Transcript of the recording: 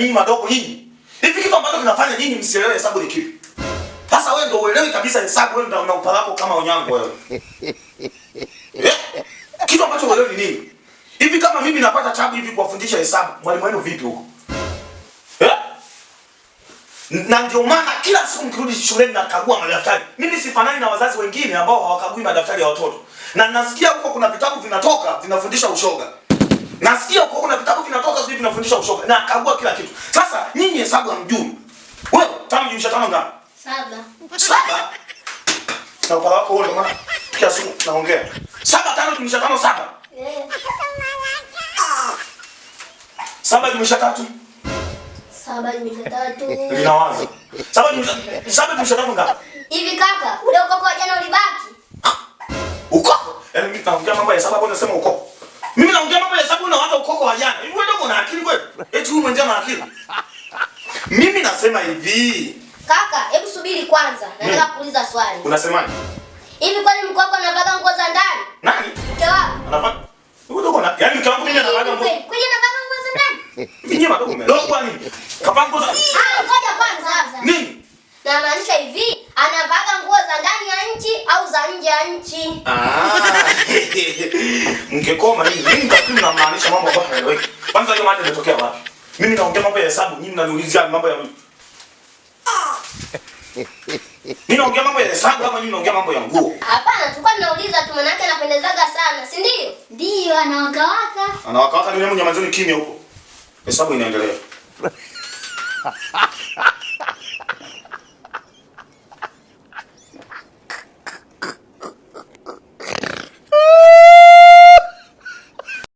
nyinyi madogo nyinyi. Hivi kitu ambacho kinafanya nyinyi msielewe hesabu ni kipi? Sasa wewe ndio uelewi kabisa hesabu, wewe ndio unapalako kama unyango wewe. Eh? Kitu ambacho wewe ni nini? Hivi kama mimi napata chabu hivi kuwafundisha hesabu, mwalimu wenu vipi huko? Eh? Na ndio maana kila siku mkirudi shuleni nakagua madaftari. Mimi sifanani na wazazi wengine ambao hawakagui madaftari ya watoto. Na nasikia huko kuna vitabu vinatoka vinafundisha ushoga. Nasikia huko kuna vitabu vinatoka sivyo vinafundisha kusoma na kagua kila kitu. Sasa nyinyi hesabu hamjui. Wewe tamu jumlisha tano ngapi? Saba. Saba. Na upala wako wewe maana kila siku naongea. Saba tano jumlisha tano saba. Saba jumlisha tatu. Saba jumlisha tatu. Ninawaza. Saba jumlisha saba jumlisha tatu ngapi? Hivi kaka, ule ukoko wa jana ulibaki. Ukoko? Yaani mimi naongea mambo ya saba kwa nasema ukoko. Mimi naongea mambo ya hesabu na watu ukoko wa jana. Hivi wewe una akili kweli? Eti wewe mwenyewe una akili? Mimi nasema hivi. Kaka, hebu subiri kwanza. Hmm. Nataka kuuliza swali. Unasemaje? Hivi kwani mke wako anavaga nguo za ndani? Nani? Mke wako. Anavaga. Wewe ndio una. Yaani mke wako mimi anavaga nguo. Kwani anavaga nguo za ndani? Hivi nyema ndio umelogwa nini? nguo za. Ah, ngoja kwanza. Nini? Na maanisha hivi, anavaga nguo za ndani ya nchi au za nje ya nchi? Ah mngekoma nini? Mimi nafikiri mnamaanisha mambo ambayo hayaeleweki. Kwanza hiyo maana imetokea wapi? Mimi naongea mambo ya hesabu, mimi naniulizia mambo ya Mimi Mimi naongea mambo ya hesabu ama mimi naongea mambo ya nguo? Hapana, tulikuwa tunauliza tu manake anapendezaga sana, si ndio? Ndio, anawaka waka. Anawaka waka ni mwenye mazoni kimya huko. Hesabu inaendelea.